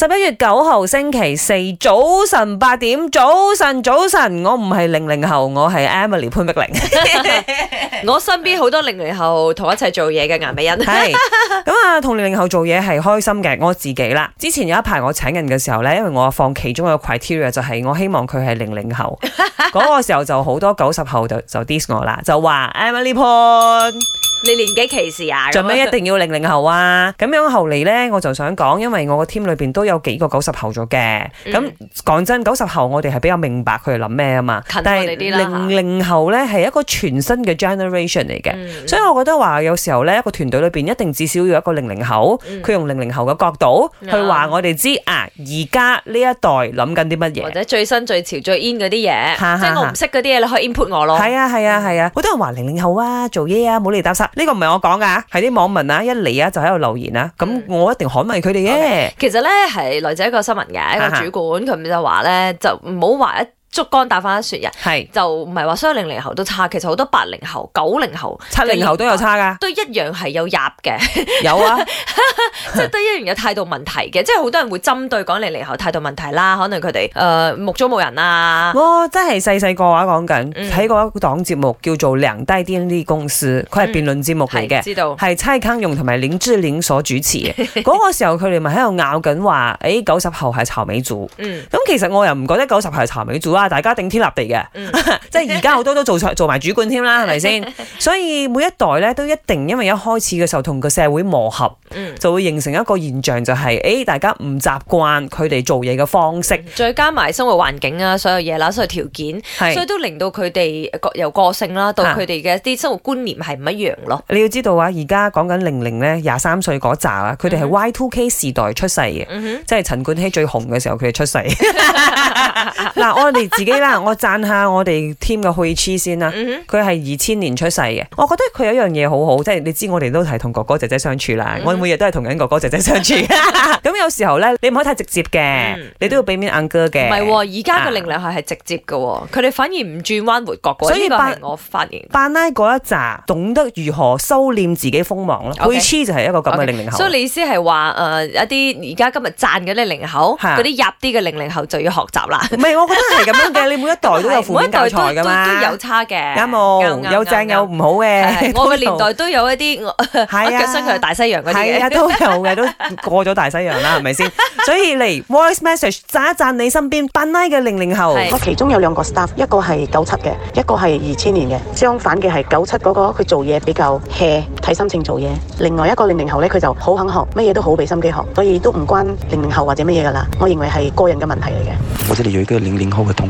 十一月九號星期四早晨八點，早晨早晨，我唔係零零後，我係 Emily 潘碧玲。 我身邊好多零零後同一齊做嘢嘅顏美欣。 係咁啊，同零零後做嘢係開心嘅。我自己啦，之前有一排我請人嘅時候呢，因為我放其中一個 criteria 就係我希望佢係零零後，嗰 個時候就好多九十後就 dis 我啦，就話 Emily 潘。你年紀歧視啊？做咩一定要零零後啊？咁樣後嚟咧，我就想講，因為我個 team 裏邊都有幾個九十後咗嘅。咁講真，九十後我哋係比較明白佢哋諗咩啊嘛。但係零零後咧，係一個全新嘅 generation 嚟嘅，所以我覺得話有時候咧一個團隊裏邊一定至少要一個零零後，佢用零零後嘅角度去話我哋知啊，而家呢一代諗緊啲乜嘢，或者最新最潮最 in 嗰啲嘢，即係我唔識嗰啲嘢你可以 input 我咯。係啊係啊係啊！好多人話零零後啊，做嘢啊，冇嚟搭沙。呢個唔係我講㗎，係啲網民啊，一嚟啊就喺度留言啦、啊，嗯、咁我一定捍衛佢哋嘅。Okay. 其實呢，係來自一個新聞嘅一個主管，佢就話呢，啊、就唔好話一。竹竿打翻雪人，係是就唔係話所有零零後都差，其實好多八零後、九零後、七零後都有差㗎，都一樣係有入嘅，有啊， 即係都一樣有態度問題嘅， 即係好多人會針對講零零後態度問題啦，可能佢哋誒目中冇人啊，哇！真係細細個話講緊，睇過一檔節目叫做《兩大電力公司》，佢係辯論節目嚟嘅、嗯，知道係蔡康永同埋林志玲所主持嘅。嗰 個時候佢哋咪喺度拗緊話，誒九十後係草莓族，咁、嗯、其實我又唔覺得九十後係草莓族。啊、大家頂天立地嘅，嗯、 即係而家好多都做做埋主管添啦，係咪先？ 所以每一代咧都一定，因為一開始嘅時候同個社會磨合，嗯、就會形成一個現象、就是，就係大家唔習慣佢哋做嘢嘅方式，嗯、再加埋生活環境啊，所有嘢啦、啊，所有條件，是所以都令到佢哋各有個性啦、啊，到佢哋嘅一啲生活觀念係唔一樣咯、啊。你要知道啊，而家講緊零零咧廿三歲嗰紮呀，佢哋係 Y2K 時代出世嘅，嗯、哼即係陳冠希最紅嘅時候佢哋出世。嗱，我哋。自己啦，我讚下我哋 team 嘅佩慈先啦。佢係二千年出世嘅，我覺得佢有一樣嘢好好，即係你知我哋都係同哥哥姐姐相處啦。我每日都係同緊哥哥姐姐相處。咁有時候咧，你唔可以太直接嘅，你都要俾面 uncle 嘅。唔係，而家嘅零零後係直接嘅，佢哋反而唔轉彎回角，所以個我發現，bannai 嗰一紮懂得如何收斂自己鋒芒咯。佩慈就係一個咁嘅零零後。所以你意思係話誒一啲而家今日讚嗰啲零零後，嗰啲入啲嘅零零後就要學習啦。唔係，我覺得係咁。誒，你每一代都有負面教材噶嘛，都有差嘅，啱冇？有正有唔好嘅。我個年代都有一啲，我我腳傷佢係大西洋嘅嘢，係啊都有嘅，都過咗大西洋啦，係咪先？所以嚟 voice message 贊一贊你身邊班奶嘅零零後，我其中有兩個 staff，一個係九七嘅，一個係二千年嘅。相反嘅係九七嗰個佢做嘢比較 hea，睇心情做嘢。另外一個零零後咧，佢就好肯學，乜嘢都好俾心機學，所以都唔關零零後或者乜嘢噶啦。我認為係個人嘅問題嚟嘅。我這裡有一個零零後嘅同。